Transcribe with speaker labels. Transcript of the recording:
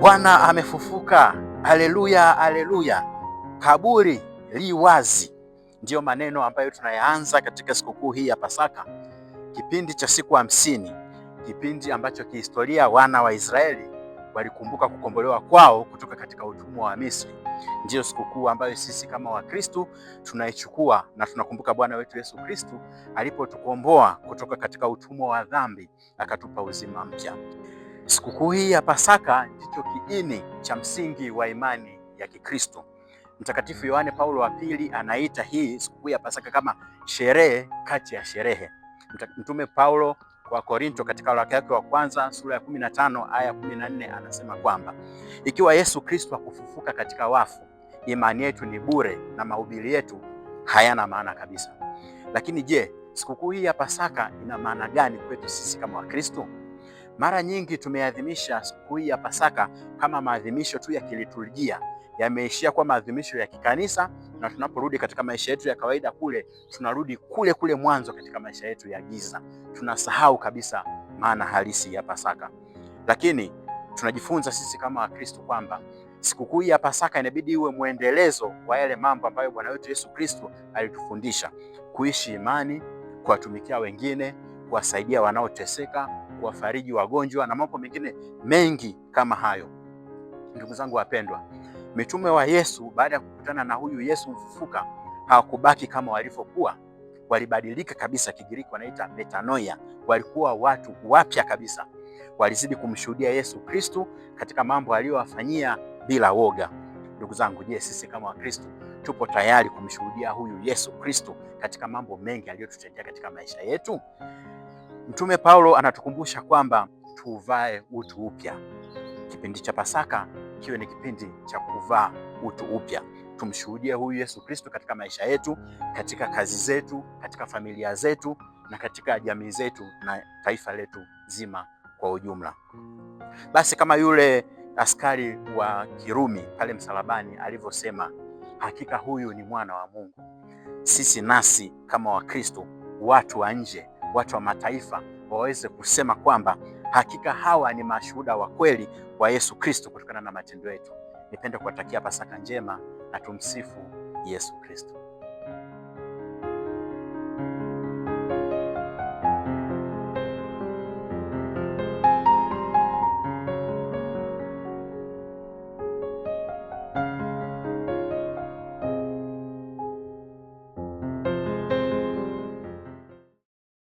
Speaker 1: Bwana amefufuka, haleluya, haleluya, kaburi li wazi. Ndiyo maneno ambayo tunayaanza katika sikukuu hii ya Pasaka, kipindi cha siku hamsini, kipindi ambacho kihistoria wana wa Israeli walikumbuka kukombolewa kwao kutoka katika utumwa wa Misri. Ndiyo sikukuu ambayo sisi kama Wakristu tunaichukua na tunakumbuka Bwana wetu Yesu Kristu alipotukomboa kutoka katika utumwa wa dhambi akatupa uzima mpya. Sikukuu hii ya Pasaka ndicho kiini cha msingi wa imani ya Kikristo. Mtakatifu Yohane Paulo wa Pili anaita hii sikukuu ya Pasaka kama sherehe kati ya sherehe. Mtume Paulo wa Korinto katika waraka yake wa kwanza sura ya 15 aya 14 anasema kwamba ikiwa Yesu Kristo hakufufuka katika wafu, imani yetu ni bure na mahubiri yetu hayana maana kabisa. Lakini je, sikukuu hii ya Pasaka ina maana gani kwetu sisi kama Wakristo? Mara nyingi tumeadhimisha siku hii ya Pasaka kama maadhimisho tu ya kiliturujia, yameishia kuwa maadhimisho ya kikanisa, na tunaporudi katika maisha yetu ya kawaida kule, tunarudi kule kule mwanzo katika maisha yetu ya giza, tunasahau kabisa maana halisi ya Pasaka. Lakini tunajifunza sisi kama Wakristo kwamba sikukuu ya Pasaka inabidi iwe mwendelezo wa yale mambo ambayo Bwana wetu Yesu Kristo alitufundisha: kuishi imani, kuwatumikia wengine, kuwasaidia wanaoteseka kuwafariji wagonjwa na mambo mengine mengi kama hayo. Ndugu zangu wapendwa, mitume wa Yesu baada ya kukutana na huyu Yesu mfufuka hawakubaki kama walivyokuwa, walibadilika kabisa. Kigiriki wanaita metanoia, walikuwa watu wapya kabisa. Walizidi kumshuhudia Yesu Kristu katika mambo aliyowafanyia bila woga. Ndugu zangu, je, sisi kama Wakristo tupo tayari kumshuhudia huyu Yesu Kristu katika mambo mengi aliyotutendea katika maisha yetu? Mtume Paulo anatukumbusha kwamba tuvae utu upya. Kipindi cha Pasaka kiwe ni kipindi cha kuvaa utu upya. Tumshuhudie huyu Yesu Kristo katika maisha yetu, katika kazi zetu, katika familia zetu na katika jamii zetu na taifa letu zima kwa ujumla. Basi kama yule askari wa Kirumi pale msalabani alivyosema, hakika huyu ni mwana wa Mungu. Sisi nasi kama Wakristo, watu wa nje watu wa mataifa waweze kusema kwamba hakika hawa ni mashuhuda wa kweli wa Yesu Kristo kutokana na matendo yetu. Nipende kuwatakia Pasaka njema na tumsifu Yesu Kristo.